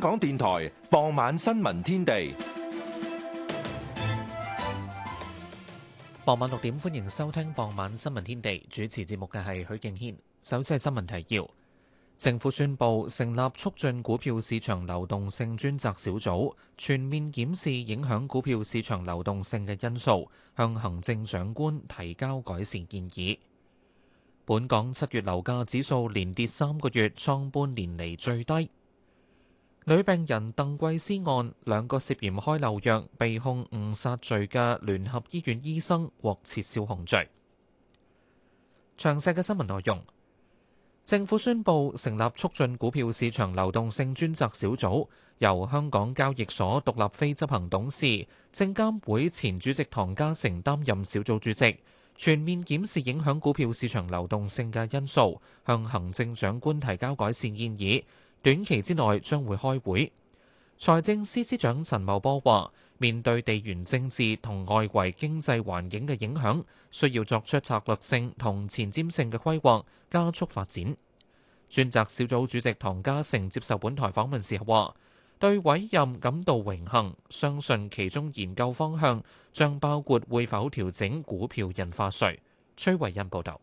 香港電台傍晚新聞天地，傍晚六點，歡迎收聽傍晚新聞天地。主持節目嘅係許敬軒。首先係新聞提要：政府宣布成立促進股票市場流動性專責小組，全面檢視影響股票市場流動性嘅因素，向行政長官提交改善建議。本港七月樓價指數連跌三個月，創半年嚟最低。女病人鄧桂思案，兩個涉嫌開漏藥、被控誤殺罪嘅聯合醫院醫生獲撤銷控罪。詳細嘅新聞內容，政府宣布成立促進股票市場流動性專責小組，由香港交易所獨立非執行董事、證監會前主席唐家成擔任小組主席，全面檢視影響股票市場流動性嘅因素，向行政長官提交改善建議。短期之內將會開會。財政司司長陳茂波話：面對地緣政治同外圍經濟環境嘅影響，需要作出策略性同前瞻性嘅規劃，加速發展。專責小組主席唐家成接受本台訪問時話：對委任感到榮幸，相信其中研究方向將包括會否調整股票印花稅。崔慧欣報道。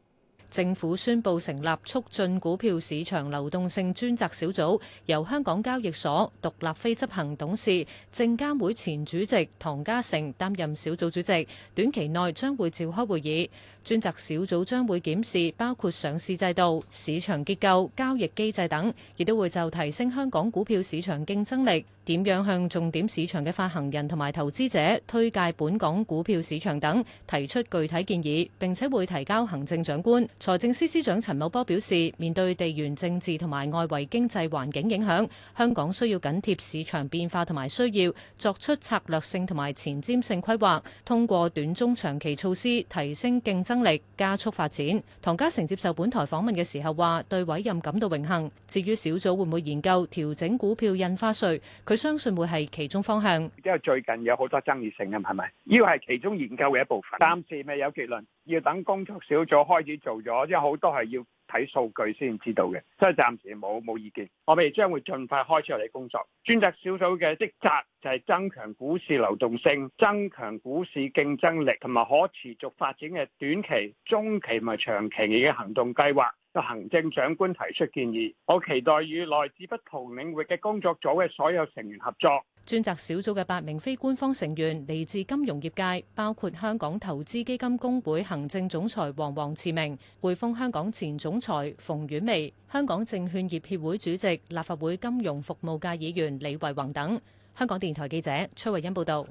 政府宣佈成立促進股票市場流動性專責小組，由香港交易所獨立非執行董事、證監會前主席唐家成擔任小組主席，短期內將會召開會議。專責小組將會檢視包括上市制度、市場結構、交易機制等，亦都會就提升香港股票市場競爭力，點樣向重點市場嘅發行人同埋投資者推介本港股票市場等，提出具體建議，並且會提交行政長官。財政司司長陳茂波表示，面對地緣政治同埋外圍經濟環境影響，香港需要緊貼市場變化同埋需要作出策略性同埋前瞻性規劃，通過短中長期措施提升競爭力加速發展。唐家成接受本台訪問嘅時候話：對委任感到榮幸。至於小組會唔會研究調整股票印花稅，佢相信會係其中方向。因為最近有好多爭議性啊，係咪？呢個係其中研究嘅一部分。暫時未有結論，要等工作小組開始做咗，因為好多係要。睇數據先知道嘅，所以暫時冇冇意見。我哋將會盡快開始我哋工作，專責小組嘅職責就係增強股市流動性、增強股市競爭力同埋可持續發展嘅短期、中期同埋長期嘅行動計劃。行政長官提出建議，我期待與來自不同領域嘅工作組嘅所有成員合作。專責小組嘅八名非官方成員嚟自金融業界，包括香港投資基金公會行政總裁黃黃慈明、匯豐香港前總裁馮婉薇、香港證券業協會主席、立法會金融服務界議員李惠宏等。香港電台記者崔慧欣報道：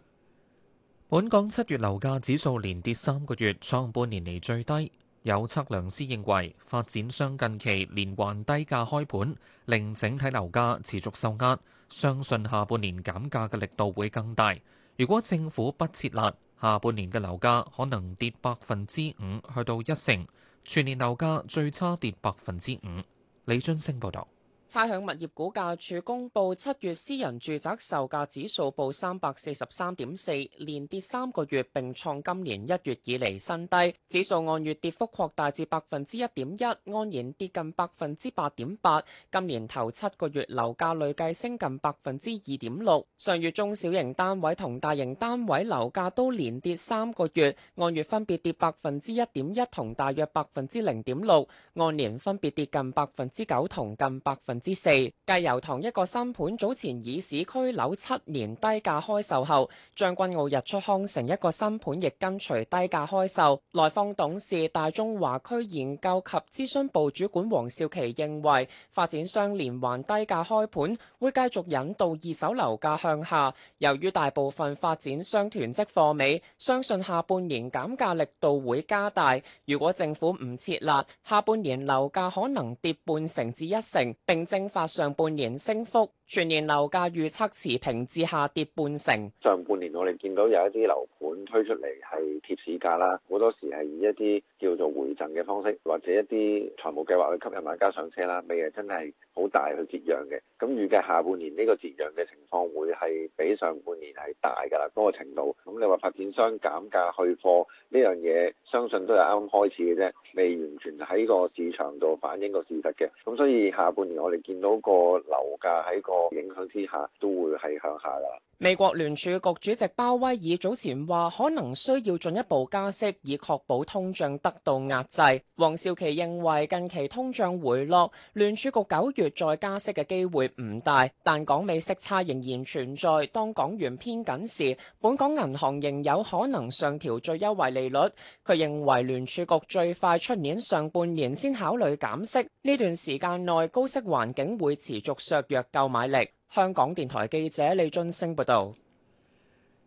「本港七月樓價指數連跌三個月，創半年嚟最低。有測量師認為，發展商近期連環低價開盤，令整體樓價持續受壓。相信下半年減價嘅力度會更大。如果政府不設立，下半年嘅樓價可能跌百分之五去到一成，全年樓價最差跌百分之五。李俊升報導。差餉物業估價處公布七月私人住宅售價指數報三百四十三點四，連跌三個月，並創今年一月以嚟新低。指數按月跌幅擴大至百分之一點一，按年跌近百分之八點八。今年頭七個月樓價累計升近百分之二點六。上月中小型單位同大型單位樓價都連跌三個月，按月分別跌百分之一點一同大約百分之零點六，按年分別跌近百分之九同近百分。之四，繼油塘一個新盤早前以市區樓七年低價開售後，將軍澳日出康城一個新盤亦跟隨低價開售。萊坊董事大中華區研究及諮詢部主管黃少琪認為，發展商連環低價開盤會繼續引導二手樓價向下。由於大部分發展商囤積貨尾，相信下半年減價力度會加大。如果政府唔設立，下半年樓價可能跌半成至一成，並。蒸發上半年升幅。全年樓價預測持平至下跌半成。上半年我哋見到有一啲樓盤推出嚟，係貼市價啦，好多時係以一啲叫做回贈嘅方式或者一啲財務計劃去吸引買家上車啦，未係真係好大去折讓嘅。咁預計下半年呢個折讓嘅情況會係比上半年係大噶啦，嗰個程度。咁你話發展商減價去貨呢樣嘢，相信都係啱啱開始嘅啫，未完全喺個市場度反映個事實嘅。咁所以下半年我哋見到個樓價喺個。影響之下，都會係向下㗎。美國聯儲局主席鮑威爾早前話，可能需要進一步加息，以確保通脹得到壓制。黃少琪認為，近期通脹回落，聯儲局九月再加息嘅機會唔大，但港美息差仍然存在。當港元偏緊時，本港銀行仍有可能上調最優惠利率。佢認為聯儲局最快出年上半年先考慮減息，呢段時間內高息環境會持續削弱購買力。香港電台記者李俊升報道。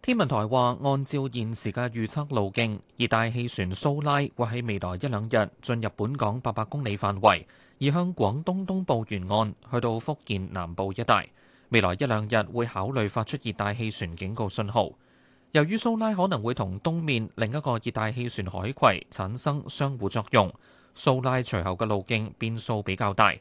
天文台話，按照現時嘅預測路徑，熱帶氣旋蘇拉會喺未來一兩日進入本港八百公里範圍，而向廣東東部沿岸去到福建南部一帶。未來一兩日會考慮發出熱帶氣旋警告信號。由於蘇拉可能會同東面另一個熱帶氣旋海葵產生相互作用，蘇拉隨後嘅路徑變數比較大。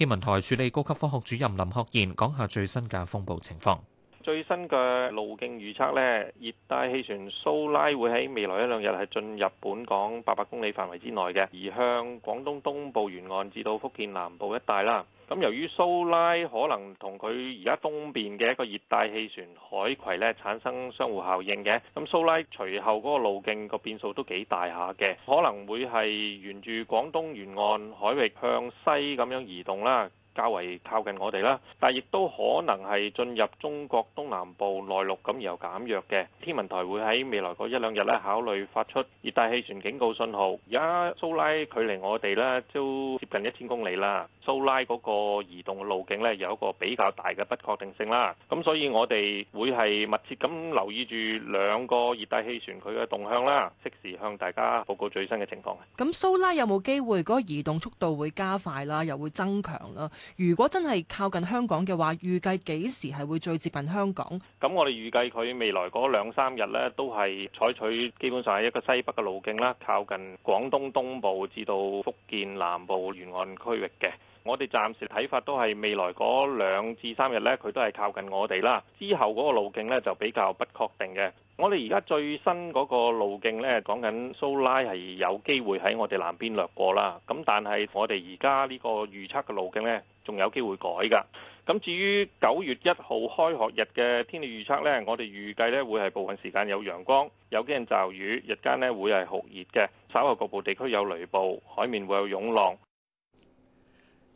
天文台處理高級科學主任林學賢講下最新嘅風暴情況。最新嘅路徑預測呢，熱帶氣旋蘇拉會喺未來一兩日係進入本港八百公里範圍之內嘅，而向廣東東部沿岸至到福建南部一帶啦。咁由於蘇拉可能同佢而家東邊嘅一個熱帶氣旋海葵咧產生相互效應嘅，咁蘇拉隨後嗰個路徑個變數都幾大下嘅，可能會係沿住廣東沿岸海域向西咁樣移動啦。較為靠近我哋啦，但係亦都可能係進入中國東南部內陸咁，又減弱嘅。天文台會喺未來嗰一兩日呢考慮發出熱帶氣旋警告信號。而家蘇拉距離我哋呢都接近一千公里啦，蘇拉嗰個移動路徑呢有一個比較大嘅不確定性啦。咁所以我哋會係密切咁留意住兩個熱帶氣旋佢嘅動向啦，即時向大家報告最新嘅情況。咁蘇拉有冇機會嗰個移動速度會加快啦，又會增強啦？如果真係靠近香港嘅話，預計幾時係會最接近香港？咁我哋預計佢未來嗰兩三日咧，都係採取基本上係一個西北嘅路徑啦，靠近廣東東部至到福建南部沿岸區域嘅。我哋暫時睇法都係未來嗰兩至三日咧，佢都係靠近我哋啦。之後嗰個路徑咧，就比較不確定嘅。我哋而家最新嗰個路徑咧，講緊蘇拉係有機會喺我哋南邊掠過啦。咁但係我哋而家呢個預測嘅路徑咧。仲有機會改㗎。咁至於九月一號開學日嘅天氣預測咧，我哋預計咧會，係部分時間有陽光，有幾陣驟雨。日間咧會，係酷熱嘅，稍後局部地區有雷暴，海面會有湧浪。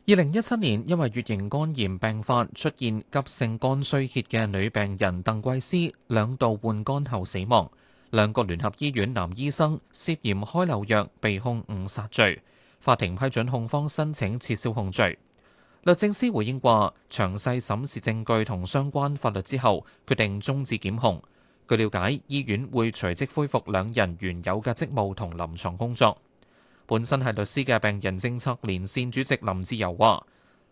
二零一七年，因為乙型肝炎病發出現急性肝衰竭嘅女病人鄧桂思兩度換肝後死亡，兩個聯合醫院男醫生涉嫌開漏藥被控誤殺罪，法庭批准控方申請撤銷控罪。律政司回應話：詳細審視證據同相關法律之後，決定終止檢控。據了解，醫院會隨即恢復兩人原有嘅職務同臨床工作。本身係律師嘅病人政策連線主席林志柔話：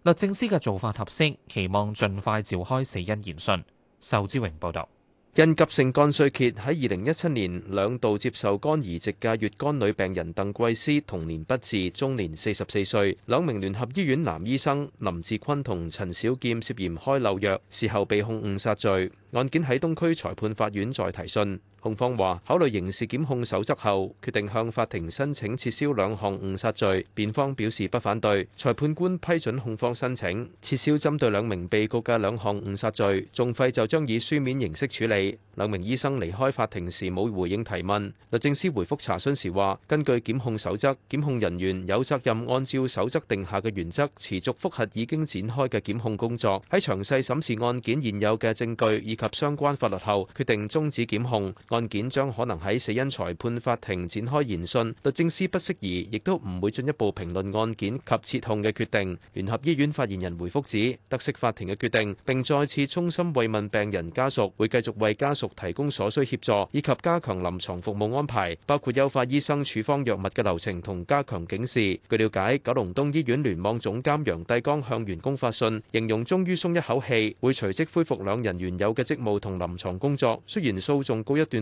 律政司嘅做法合適，期望盡快召開死因研訊。仇志榮報道。因急性肝衰竭喺二零一七年兩度接受肝移植嘅乙肝女病人鄧桂思同年不治，終年四十四歲，兩名聯合醫院男醫生林志坤同陳小劍涉嫌開漏藥，事後被控誤殺罪，案件喺東區裁判法院再提訊。控方話：考慮刑事檢控守則後，決定向法庭申請撤銷兩項誤殺罪。辯方表示不反對。裁判官批准控方申請撤銷針對兩名被告嘅兩項誤殺罪，仲費就將以書面形式處理。兩名醫生離開法庭時冇回應提問。律政司回覆查詢時話：根據檢控守則，檢控人員有責任按照守則定下嘅原則，持續複核已經展開嘅檢控工作。喺詳細審視案件現有嘅證據以及相關法律後，決定終止檢控。案件將可能喺死因裁判法庭展開言訊，律政司不適宜，亦都唔會進一步評論案件及撤控嘅決定。聯合醫院發言人回復指，得悉法庭嘅決定，並再次衷心慰問病人家屬，會繼續為家屬提供所需協助，以及加強臨床服務安排，包括優化醫生處方藥物嘅流程同加強警示。據了解，九龍東醫院聯網總監楊帝剛向員工發信，形容終於鬆一口氣，會隨即恢復兩人原有嘅職務同臨床工作。雖然訴訟告一段。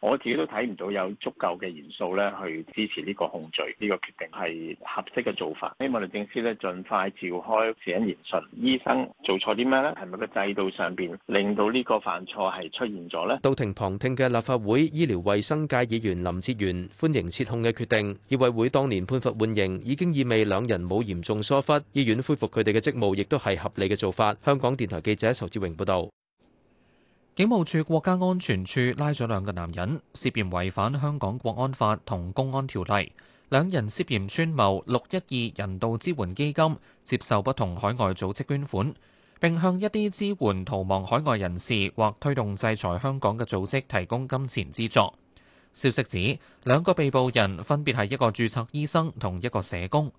我自己都睇唔到有足夠嘅元素咧，去支持呢個控罪呢個決定係合適嘅做法。希望律政司呢盡快召開證人研訊，醫生做錯啲咩呢？係咪個制度上邊令到呢個犯錯係出現咗呢？到庭旁聽嘅立法會醫療衛生界議員林志源歡迎撤控嘅決定，醫委會當年判罰緩刑已經意味兩人冇嚴重疏忽，醫院恢復佢哋嘅職務亦都係合理嘅做法。香港電台記者仇志榮報道。警務處國家安全處拉咗兩個男人，涉嫌違反香港國安法同公安條例。兩人涉嫌串謀六一二人道支援基金接受不同海外組織捐款，並向一啲支援逃亡海外人士或推動制裁香港嘅組織提供金錢資助。消息指，兩個被捕人分別係一個注冊醫生同一個社工。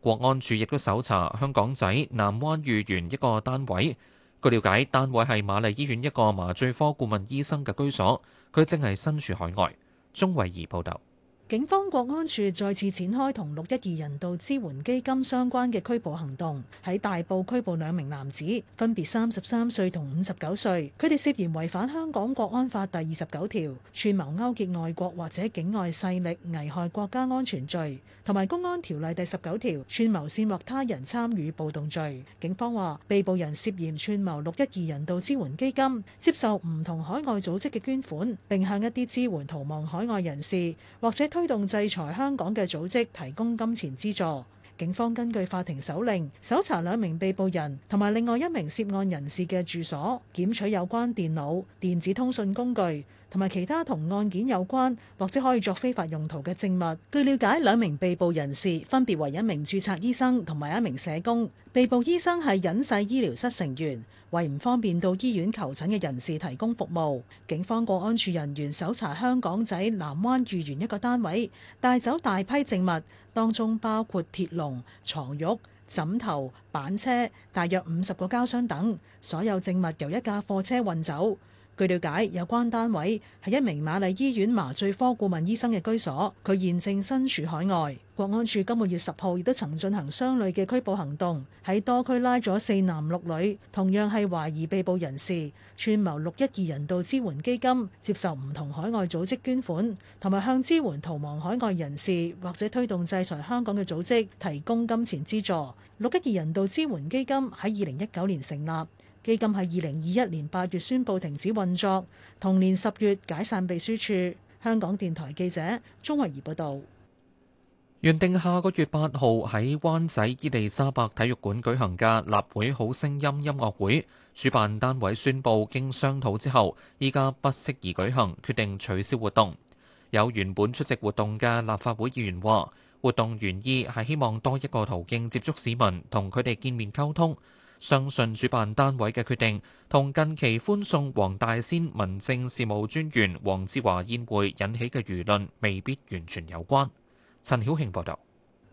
國安處亦都搜查香港仔南灣御園一個單位。據了解，單位係瑪麗醫院一個麻醉科顧問醫生嘅居所，佢正係身處海外。鐘偉儀報導。警方國安處再次展開同六一二人道支援基金相關嘅拘捕行動，喺大埔拘捕兩名男子，分別三十三歲同五十九歲，佢哋涉嫌違反香港國安法第二十九條，串謀勾結外國或者境外勢力危害國家安全罪，同埋公安條例第十九條，串謀煽惑他人參與暴動罪。警方話，被捕人涉嫌串謀六一二人道支援基金接受唔同海外組織嘅捐款，並向一啲支援逃亡海外人士或者推動制裁香港嘅組織提供金錢資助。警方根據法庭手令搜查兩名被捕人同埋另外一名涉案人士嘅住所，檢取有關電腦、電子通訊工具。同埋其他同案件有關或者可以作非法用途嘅證物。據了解，兩名被捕人士分別為一名註冊醫生同埋一名社工。被捕醫生係隱世醫療室成員，為唔方便到醫院求診嘅人士提供服務。警方國安處人員搜查香港仔南灣御園一個單位，帶走大批證物，當中包括鐵籠、床褥、枕頭、板車，大約五十個膠箱等。所有證物由一架貨車運走。據了解，有關單位係一名瑪麗醫院麻醉科顧問醫生嘅居所，佢現正身處海外。國安處今個月十號亦都曾進行相類嘅拘捕行動，喺多區拉咗四男六女，同樣係懷疑被捕人士串謀六一二人道支援基金接受唔同海外組織捐款，同埋向支援逃亡海外人士或者推動制裁香港嘅組織提供金錢資助。六一二人道支援基金喺二零一九年成立。基金係二零二一年八月宣布停止運作，同年十月解散秘書處，香港電台記者鍾慧儀報道。原定下個月八號喺灣仔伊利沙伯體育館舉行嘅立會好聲音音樂會主辦單位宣布經商討之後，依家不適宜舉行，決定取消活動。有原本出席活動嘅立法會議員話活動原意係希望多一個途徑接觸市民，同佢哋見面溝通。相信主辦單位嘅決定同近期歡送黃大仙民政事務專員黃志華宴會引起嘅輿論未必完全有關。陳曉慶報道。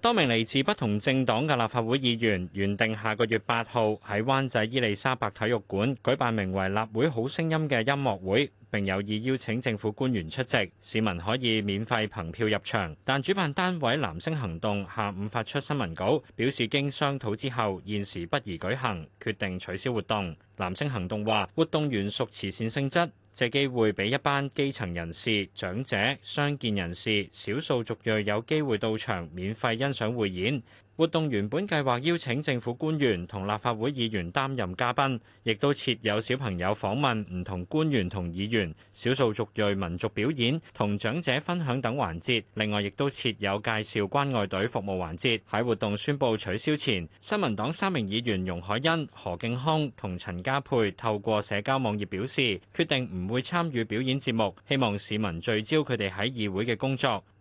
多名嚟自不同政黨嘅立法會議員原定下個月八號喺灣仔伊利沙伯體育館舉辦名為《立會好聲音》嘅音樂會，並有意邀請政府官員出席。市民可以免費憑票入場，但主辦單位藍星行動下午發出新聞稿表示，經商討之後現時不宜舉行，決定取消活動，藍星行動話活動原屬慈善性質。借機會，俾一班基層人士、長者、傷健人士、少數族裔有機會到場免費欣賞匯演。活動原本計劃邀請政府官員同立法會議員擔任嘉賓，亦都設有小朋友訪問唔同官員同議員、少數族裔民族表演、同長者分享等環節。另外，亦都設有介紹關愛隊服務環節。喺活動宣佈取消前，新民黨三名議員容海恩、何敬康同陳家沛透過社交網頁表示，決定唔會參與表演節目，希望市民聚焦佢哋喺議會嘅工作。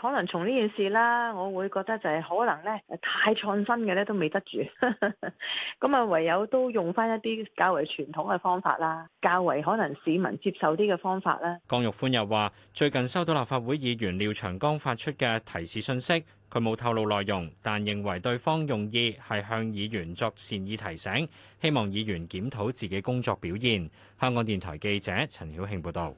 可能從呢件事啦，我會覺得就係可能咧太創新嘅咧都未得住，咁 啊唯有都用返一啲較為傳統嘅方法啦，較為可能市民接受啲嘅方法啦。江玉歡又話：最近收到立法會議員廖長江發出嘅提示信息，佢冇透露內容，但認為對方用意係向議員作善意提醒，希望議員檢討自己工作表現。香港電台記者陳曉慶報道。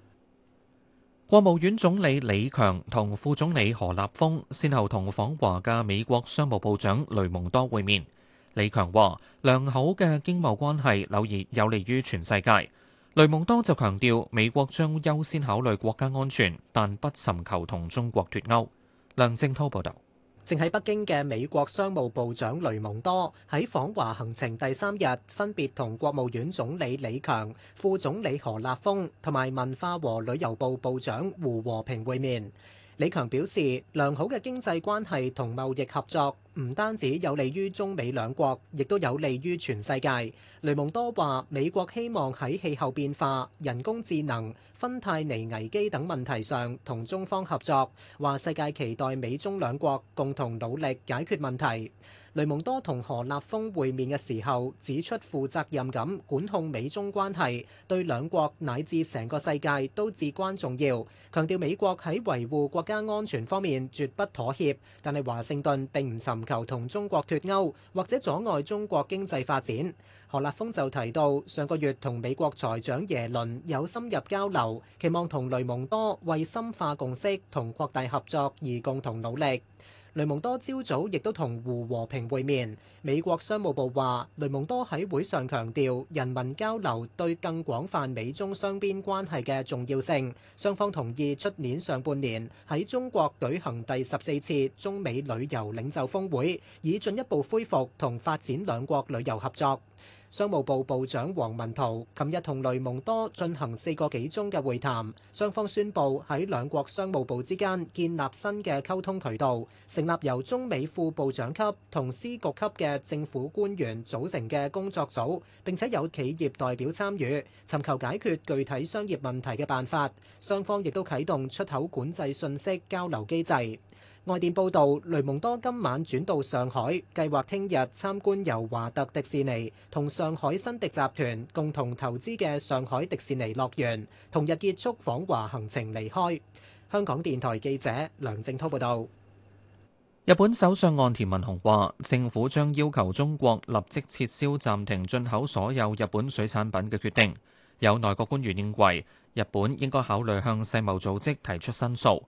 國務院總理李強同副總理何立峰先後同訪華嘅美國商務部長雷蒙多會面。李強話：良好嘅經貿關係，有而有利於全世界。雷蒙多就強調，美國將優先考慮國家安全，但不尋求同中國脫鈎。梁正濤報道。正喺北京嘅美國商務部長雷蒙多喺訪華行程第三日，分別同國務院總理李強、副總理何立峰，同埋文化和旅遊部部長胡和平會面。李強表示，良好嘅經濟關係同貿易合作唔單止有利於中美兩國，亦都有利於全世界。雷蒙多話，美國希望喺氣候變化、人工智能、芬太尼危機等問題上同中方合作，話世界期待美中兩國共同努力解決問題。雷蒙多同何立峰會面嘅時候指出，負責任咁管控美中關係對兩國乃至成個世界都至關重要，強調美國喺維護國家安全方面絕不妥協，但係華盛頓並唔尋求同中國脫鈎或者阻礙中國經濟發展。何立峰就提到上個月同美國財長耶倫有深入交流，期望同雷蒙多為深化共識同擴大合作而共同努力。雷蒙多朝早亦都同胡和平會面。美國商務部話，雷蒙多喺會上強調人民交流對更廣泛美中雙邊關係嘅重要性。雙方同意出年上半年喺中國舉行第十四次中美旅遊領袖峰會，以進一步恢復同發展兩國旅遊合作。商務部部長黃文濤琴日同雷蒙多進行四個幾鐘嘅會談，雙方宣布喺兩國商務部之間建立新嘅溝通渠道，成立由中美副部長級同司局級嘅政府官員組成嘅工作組，並且有企業代表參與，尋求解決具體商業問題嘅辦法。雙方亦都啟動出口管制信息交流機制。外電報道，雷蒙多今晚轉到上海，計劃聽日參觀由華特迪士尼同上海新迪集團共同投資嘅上海迪士尼樂園，同日結束訪華行程離開。香港電台記者梁正濤報道。日本首相岸田文雄話，政府將要求中國立即撤銷暫停進口所有日本水產品嘅決定。有內閣官員認為，日本應該考慮向世貿組織提出申訴。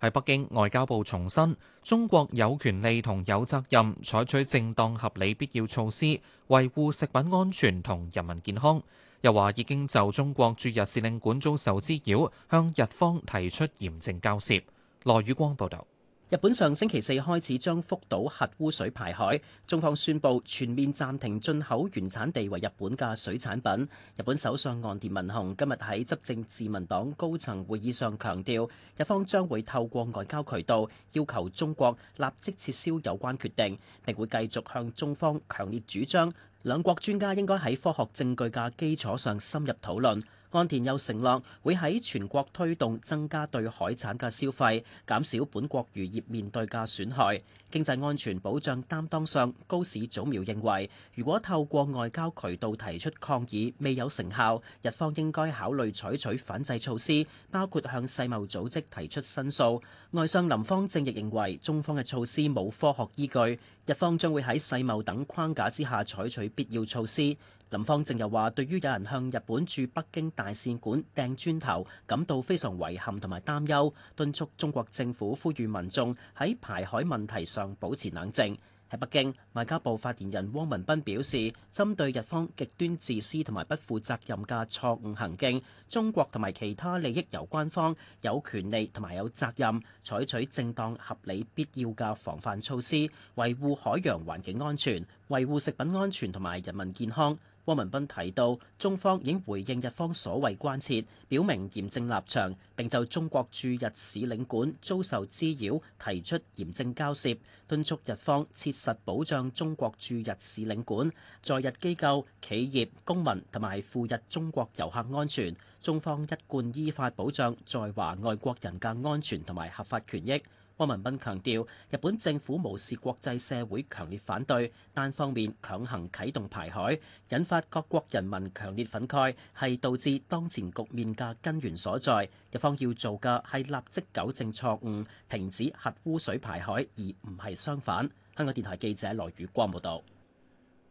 喺北京，外交部重申，中國有權利同有責任採取正當合理必要措施維護食品安全同人民健康。又話已經就中國駐日使領館遭受滋擾向日方提出嚴正交涉。羅宇光報道。日本上星期四開始將福島核污水排海，中方宣布全面暫停進口原產地為日本嘅水產品。日本首相岸田文雄今日喺執政自民黨高層會議上強調，日方將會透過外交渠道要求中國立即撤銷有關決定，並會繼續向中方強烈主張，兩國專家應該喺科學證據嘅基礎上深入討論。安田又承諾會喺全國推動增加對海產嘅消費，減少本國漁業面對嘅損害。經濟安全保障擔當上，高市早苗認為，如果透過外交渠道提出抗議未有成效，日方應該考慮採取反制措施，包括向世貿組織提出申訴。外相林芳正亦認為中方嘅措施冇科學依據，日方將會喺世貿等框架之下採取必要措施。林芳正又話：對於有人向日本駐北京大使館掟磚頭，感到非常遺憾同埋擔憂，敦促中國政府呼籲民眾喺排海問題上保持冷靜。喺北京，外交部發言人汪文斌表示：針對日方極端自私同埋不負責任嘅錯誤行徑，中國同埋其他利益有關方有權利同埋有責任採取正當、合理、必要嘅防範措施，維護海洋環境安全，維護食品安全同埋人民健康。汪文斌提到，中方已經回應日方所謂關切，表明嚴正立場，並就中國駐日使領館遭受滋擾，提出嚴正交涉，敦促日方切實保障中國駐日使領館、在日機構、企業、公民，同埋赴日中國遊客安全。中方一貫依法保障在華外國人嘅安全同埋合法權益。汪文斌強調，日本政府無視國際社會強烈反對，單方面強行啟動排海，引發各國人民強烈憤慨，係導致當前局面嘅根源所在。日方要做嘅係立即糾正錯誤，停止核污水排海，而唔係相反。香港電台記者羅宇光報道。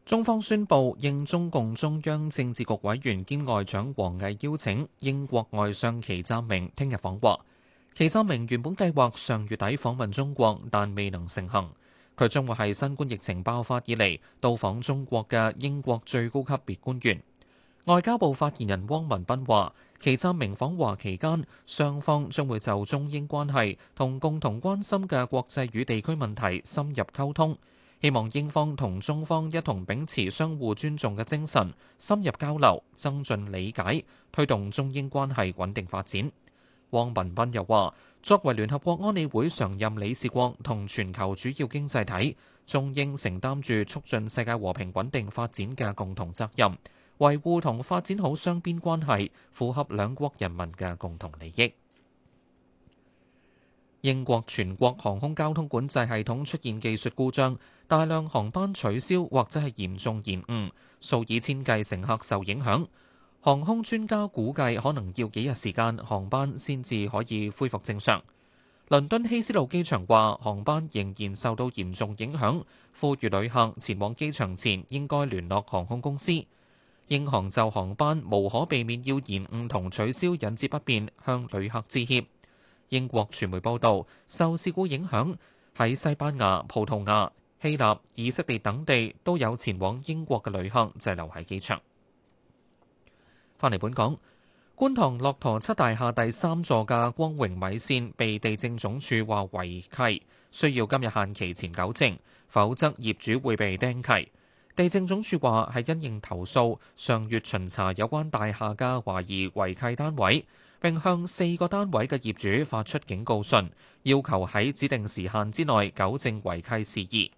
中方宣布，應中共中央政治局委員兼外長王毅邀請，英國外相祁湛明聽日訪華。祁湛明原本計劃上月底訪問中國，但未能成行。佢將會係新冠疫情爆發以嚟到訪中國嘅英國最高級別官員。外交部發言人汪文斌話：祁湛明訪華期間，雙方將會就中英關係同共同關心嘅國際與地區問題深入溝通，希望英方同中方一同秉持相互尊重嘅精神，深入交流，增進理解，推動中英關係穩定發展。汪文斌又話：作為聯合國安理會常任理事國同全球主要經濟體，仲應承擔住促進世界和平穩定發展嘅共同責任，維護同發展好雙邊關係，符合兩國人民嘅共同利益。英國全國航空交通管制系統出現技術故障，大量航班取消或者係嚴重延誤，數以千計乘客受影響。航空專家估計可能要幾日時間，航班先至可以恢復正常。倫敦希斯路機場話，航班仍然受到嚴重影響，呼籲旅客前往機場前應該聯絡航空公司。英航就航班無可避免要延誤同取消，引致不便，向旅客致歉。英國傳媒報道，受事故影響，喺西班牙、葡萄牙、希臘、以色列等地都有前往英國嘅旅客滯留喺機場。翻嚟本港，觀塘駱駝漆大廈第三座嘅光榮米線被地政總署話違契，需要今日限期前糾正，否則業主會被釘契。地政總署話係因應投訴，上月巡查有關大廈嘅懷疑違契單位，並向四個單位嘅業主發出警告信，要求喺指定時限之內糾正違契事宜。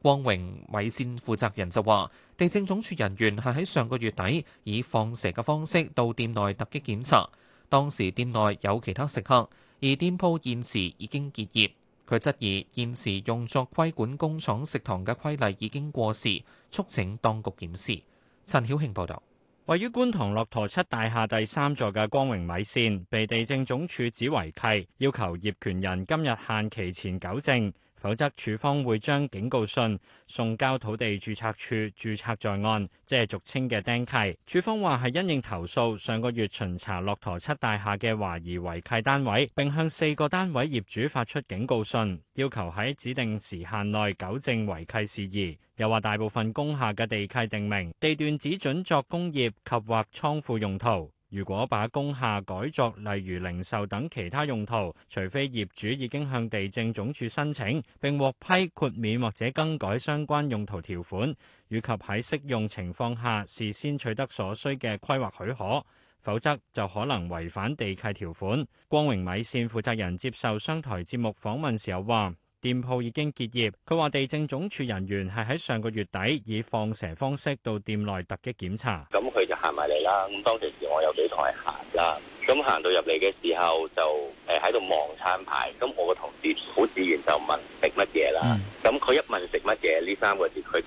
光榮米線負責人就話。地政總署人員係喺上個月底以放蛇嘅方式到店內突擊檢查，當時店內有其他食客，而店鋪現時已經結業。佢質疑現時用作規管工廠食堂嘅規例已經過時，促請當局檢視。陳曉慶報導，位於觀塘駱駝七大廈第三座嘅光榮米線被地政總署指違契，要求業權人今日限期前糾正。否則，署方會將警告信送交土地註冊處註冊在案，即係俗稱嘅釘契。署方話係因應投訴，上個月巡查駱駝漆大廈嘅懷疑違契單位，並向四個單位業主發出警告信，要求喺指定時限內糾正違契事宜。又話大部分工廈嘅地契定明地段只准作工業及或倉庫用途。如果把工廈改作例如零售等其他用途，除非業主已經向地政總署申請並獲批豁免或者更改相關用途條款，以及喺適用情況下事先取得所需嘅規劃許可，否則就可能違反地契條款。光榮米線負責人接受商台節目訪問時候話。店鋪已經結業，佢話地政總署人員係喺上個月底以放蛇方式到店內突擊檢查，咁佢就行埋嚟啦。咁當其時我有幾台行啦，咁行到入嚟嘅時候就誒喺度望餐牌，咁我個同事好自然就問食乜嘢啦，咁佢一問食乜嘢呢三個字佢。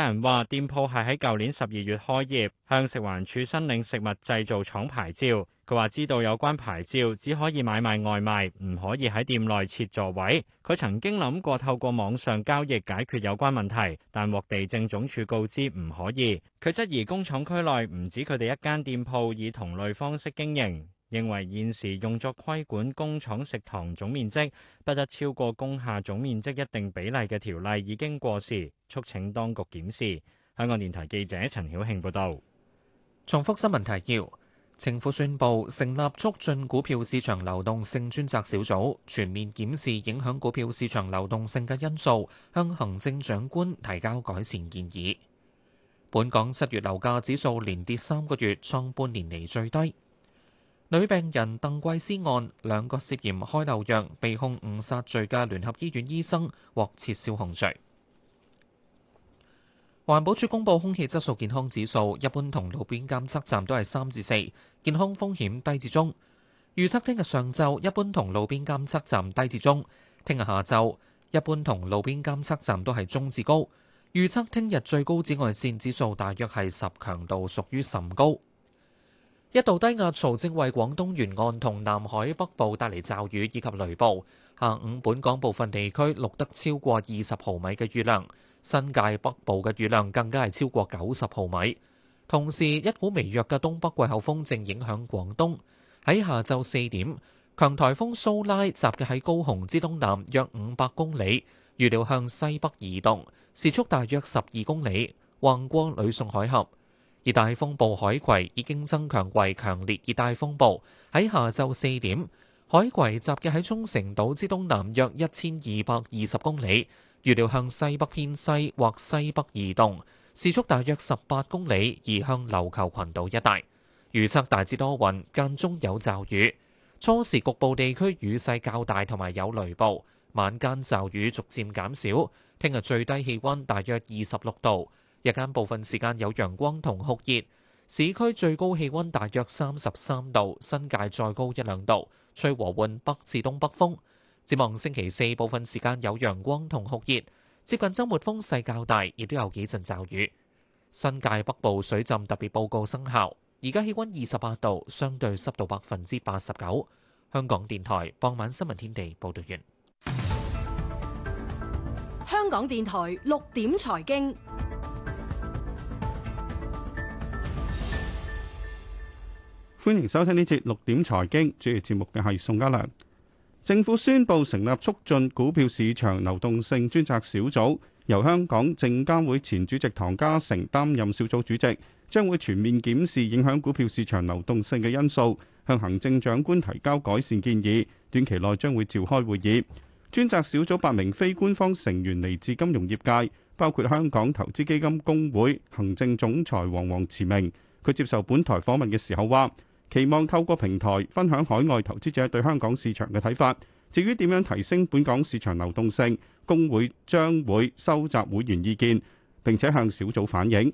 人話：店鋪係喺舊年十二月開業，向食環署申領食物製造廠牌照。佢話知道有關牌照只可以買賣外賣，唔可以喺店內設座位。佢曾經諗過透過網上交易解決有關問題，但獲地政總署告知唔可以。佢質疑工廠區內唔止佢哋一間店鋪以同類方式經營。認為現時用作規管工廠食堂總面積不得超過工廈總面積一定比例嘅條例已經過時，促請當局檢視。香港電台記者陳曉慶報道。重複新聞提要：政府宣布成立促進股票市場流動性專責小組，全面檢視影響股票市場流動性嘅因素，向行政長官提交改善建議。本港七月樓價指數連跌三個月，創半年嚟最低。女病人鄧桂思案，兩個涉嫌開漏藥、被控誤殺罪嘅聯合醫院醫生獲撤銷控罪。環保署公布空氣質素健康指數，一般同路邊監測站都係三至四，健康風險低至中。預測聽日上晝一般同路邊監測站低至中，聽日下晝一般同路邊監測站都係中至高。預測聽日最高紫外線指數大約係十，強度屬於甚高。一道低壓槽正為廣東沿岸同南海北部帶嚟驟雨以及雷暴。下午本港部分地區錄得超過二十毫米嘅雨量，新界北部嘅雨量更加係超過九十毫米。同時，一股微弱嘅東北季候風正影響廣東。喺下晝四點，強颱風蘇拉集結喺高雄之東南約五百公里，預料向西北移動，時速大約十二公里，橫過呂宋海峽。熱帶風暴海葵已經增強為強烈熱帶風暴。喺下晝四點，海葵集結喺沖繩島之東南約一千二百二十公里，預料向西北偏西或西北移動，時速大約十八公里，移向琉球群島一帶。預測大致多雲，間中有驟雨，初時局部地區雨勢較大同埋有雷暴，晚間驟雨逐漸減少。聽日最低氣溫大約二十六度。日間部分時間有陽光同酷熱，市區最高氣溫大約三十三度，新界再高一兩度，吹和緩北至東北風。展望星期四部分時間有陽光同酷熱，接近周末風勢較大，亦都有幾陣驟雨。新界北部水浸特別報告生效，而家氣溫二十八度，相對濕度百分之八十九。香港電台傍晚新聞天地報道完。香港電台六點財經。歡迎收聽呢節六點財經，主持節目嘅係宋嘉良。政府宣布成立促進股票市場流動性專責小組，由香港證監會前主席唐家成擔任小組主席，將會全面檢視影響股票市場流動性嘅因素，向行政長官提交改善建議。短期內將會召開會議。專責小組八名非官方成員嚟自金融業界，包括香港投資基金工會行政總裁黃黃慈明。佢接受本台訪問嘅時候話。期望透過平台分享海外投資者對香港市場嘅睇法。至於點樣提升本港市場流動性，公會將會收集會員意見，並且向小組反映。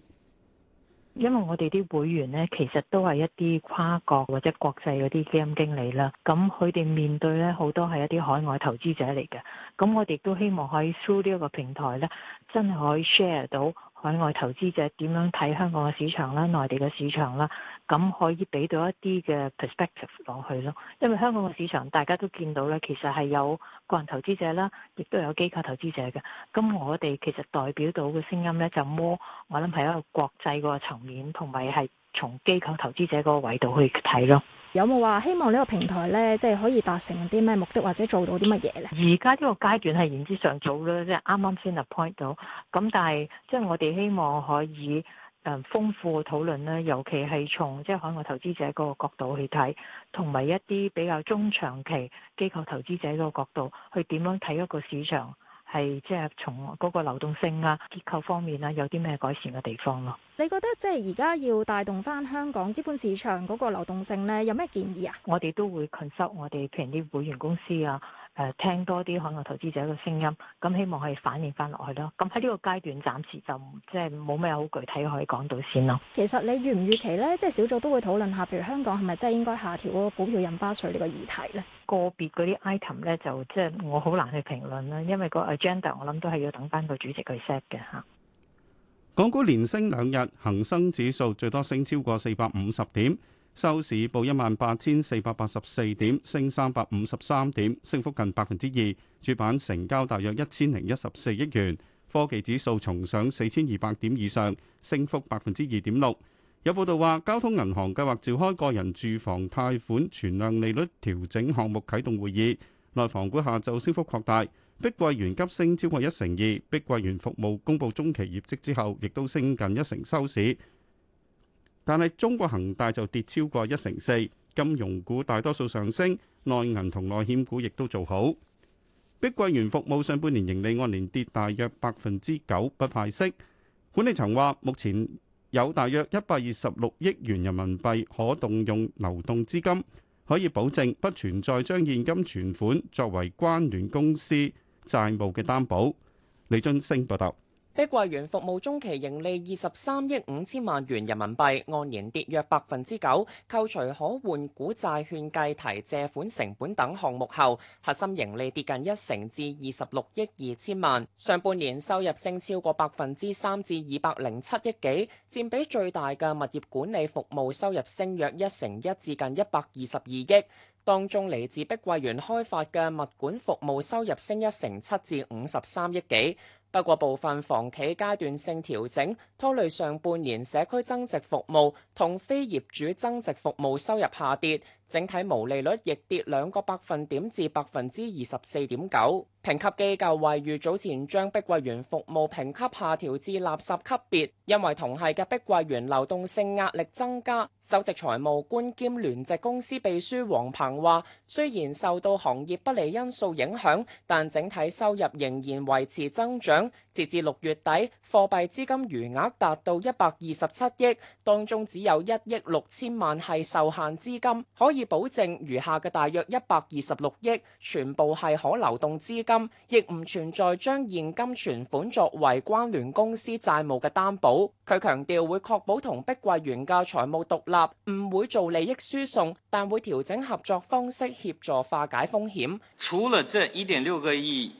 因為我哋啲會員咧，其實都係一啲跨國或者國際嗰啲基金經理啦。咁佢哋面對咧好多係一啲海外投資者嚟嘅。咁我哋都希望可以 through 呢一個平台咧，真係可以 share 到。海外投資者點樣睇香港嘅市場啦、內地嘅市場啦，咁可以俾到一啲嘅 perspective 落去咯。因為香港嘅市場大家都見到咧，其實係有個人投資者啦，亦都有機構投資者嘅。咁我哋其實代表到嘅聲音咧，就摸我諗係一個國際嗰個層面，同埋係。從機構投資者嗰個維度去睇咯，有冇話希望呢個平台呢，即係可以達成啲咩目的，或者做到啲乜嘢呢？而家呢個階段係言之尚早啦，即係啱啱先 appoint 到，咁但係即係我哋希望可以誒豐富討論咧，尤其係從即係海外投資者嗰個角度去睇，同埋一啲比較中長期機構投資者嗰個角度去點樣睇一個市場。係即係從嗰個流動性啊、結構方面啊，有啲咩改善嘅地方咯，啊？你覺得即係而家要帶動翻香港資本市場嗰個流動性咧，有咩建議啊？我哋都會 consult 我哋譬如啲會員公司啊。誒聽多啲海外投資者嘅聲音，咁希望可以反映翻落去咯。咁喺呢個階段，暫時就即係冇咩好具體可以講到先咯。其實你預唔預期咧？即係小組都會討論下，譬如香港係咪真係應該下調嗰個股票印花稅呢個議題咧？個別嗰啲 item 咧，就即係我好難去評論啦，因為個 agenda 我諗都係要等翻個主席佢 set 嘅嚇。港股連升兩日，恒生指數最多升超過四百五十點。收市報一萬八千四百八十四點，升三百五十三點，升幅近百分之二。主板成交大約一千零一十四億元。科技指數重上四千二百點以上，升幅百分之二點六。有報道話，交通銀行計劃召開個人住房貸款存量利率調整項目啟動會議。內房股下晝升幅擴大，碧桂園急升超過一成二。碧桂園服務公布中期業績之後，亦都升近一成收市。但係中國恒大就跌超過一成四，金融股大多數上升，內銀同內險股亦都做好。碧桂園服務上半年盈利按年跌大約百分之九，不派息。管理層話，目前有大約一百二十六億元人民幣可動用流動資金，可以保證不存在將現金存款作為關聯公司債務嘅擔保。李津升報道。碧桂園服務中期盈利二十三億五千萬元人民幣，按年跌約百分之九。扣除可換股債券計提借款成本等項目後，核心盈利跌近一成至二十六億二千萬。上半年收入升超過百分之三至二百零七億幾，佔比最大嘅物業管理服務收入升約一成一至近一百二十二億。當中嚟自碧桂園開發嘅物管服務收入升一成七至五十三億幾。不過，部分房企階段性調整，拖累上半年社區增值服務同非業主增值服務收入下跌。整體毛利率亦跌兩個百分點至百分之二十四點九。評級機構惠譽早前將碧桂園服務評級下調至垃圾級別，因為同系嘅碧桂園流動性壓力增加。首席財務官兼聯席公司秘書黃鵬話：雖然受到行業不利因素影響，但整體收入仍然維持增長。截至六月底，貨幣資金餘額達到一百二十七億，當中只有一億六千萬係受限資金，可以保證餘下嘅大約一百二十六億全部係可流動資金，亦唔存在將現金存款作為關聯公司債務嘅擔保。佢強調會確保同碧桂園嘅財務獨立，唔會做利益輸送，但會調整合作方式協助化解風險。除了這一點六個億。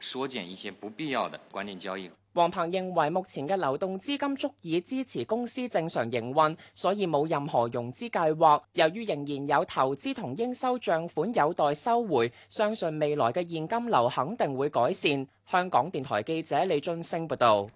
縮減一些不必要的關聯交易。黃鵬認為目前嘅流動資金足以支持公司正常營運，所以冇任何融資計劃。由於仍然有投資同應收賬款有待收回，相信未來嘅現金流肯定會改善。香港電台記者李俊升報道。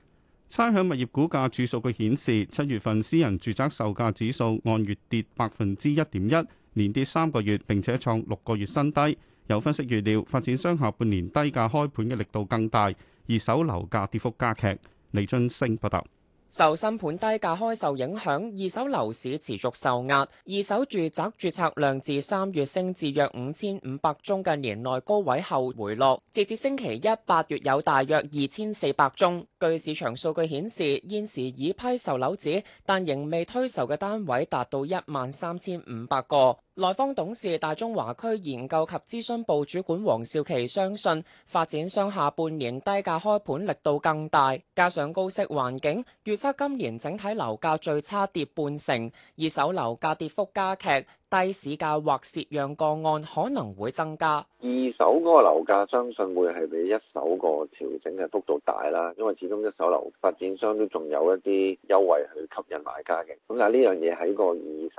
差餉物業估價署數據顯示，七月份私人住宅售價指數按月跌百分之一點一，連跌三個月，並且創六個月新低。有分析預料，發展商下半年低價開盤嘅力度更大，二手樓價跌幅加劇，李津星不達。受新盤低價開售影響，二手樓市持續受壓，二手住宅註冊量自三月升至約五千五百宗嘅年內高位後回落，截至星期一八月有大約二千四百宗。據市場數據顯示，現時已批售樓紙，但仍未推售嘅單位達到一萬三千五百個。內方董事大中華區研究及諮詢部主管黃少琪相信，發展商下半年低價開盤力度更大，加上高息環境，預測今年整體樓價最差跌半成，二手樓價跌幅加劇。低市價或蝕讓個案可能會增加，二手個樓價相信會係比一手個調整嘅幅度大啦，因為始終一手樓發展商都仲有一啲優惠去吸引買家嘅，咁但係呢樣嘢喺個二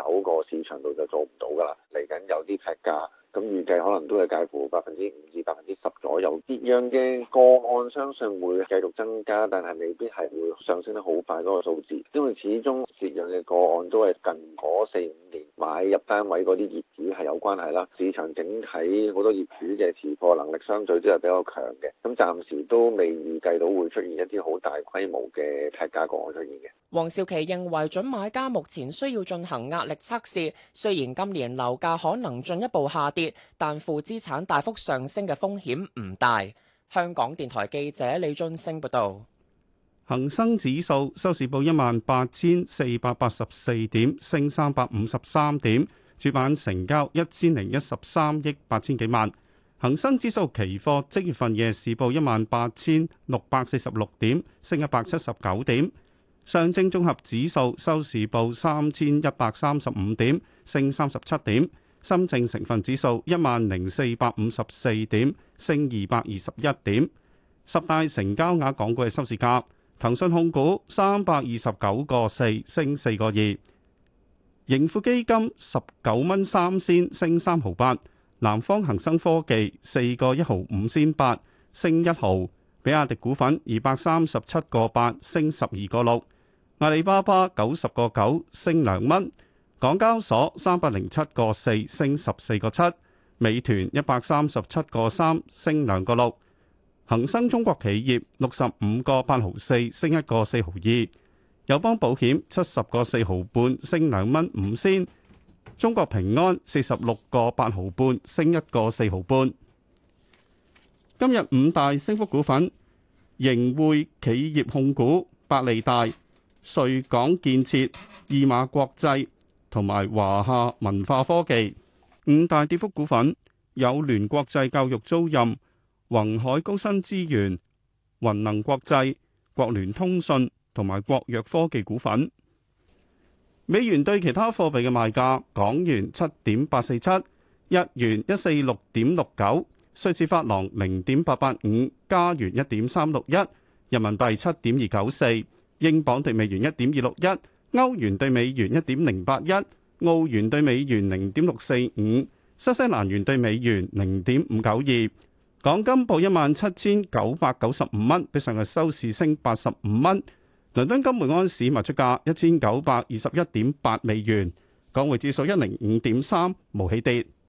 手個市場度就做唔到噶啦，嚟緊有啲劈價。咁預計可能都係介乎百分之五至百分之十左右。蝕讓嘅個案相信會繼續增加，但係未必係會上升得好快嗰個數字，因為始終蝕讓嘅個案都係近嗰四五年買入單位嗰啲業主係有關係啦。市場整體好多業主嘅持貨能力相對都係比較強嘅，咁暫時都未預計到會出現一啲好大規模嘅提價個案出現嘅。黃兆琪認為，準買家目前需要進行壓力測試，雖然今年樓價可能進一步下跌，但負資產大幅上升嘅風險唔大。香港電台記者李俊升報道，恒生指數收市報一萬八千四百八十四點，升三百五十三點，主板成交一千零一十三億八千幾萬。恒生指數期貨即月份夜市報一萬八千六百四十六點，升一百七十九點。上證綜合指數收市報三千一百三十五點，升三十七點。深證成分指數一萬零四百五十四點，升二百二十一點。十大成交額港股嘅收市價，騰訊控股三百二十九個四，升四個二。盈富基金十九蚊三仙，升三毫八。南方恒生科技四個一毫五仙八，升一毫。比亞迪股份二百三十七個八，升十二個六。阿里巴巴九十個九，升兩蚊。港交所三百零七個四升十四個七，美團一百三十七個三升兩個六，恒生中國企業六十五個八毫四升一個四毫二，友邦保險七十個四毫半升兩蚊五仙，中國平安四十六個八毫半升一個四毫半。今日五大升幅股份：盈匯企業控股、百利大、穗港建設、義馬國際。同埋華夏文化科技。五大跌幅股份：友聯國際教育租賃、宏海高新資源、雲能國際、國聯通訊同埋國藥科技股份。美元對其他貨幣嘅賣價：港元七點八四七，日元一四六點六九，瑞士法郎零點八八五，加元一點三六一，人民幣七點二九四，英鎊兌美元一點二六一。歐元對美元一點零八一，澳元對美元零點六四五，新西蘭元對美元零點五九二。港金報一萬七千九百九十五蚊，比上日收市升八十五蚊。倫敦金每安士賣出價一千九百二十一點八美元，港匯指數一零五點三，無起跌。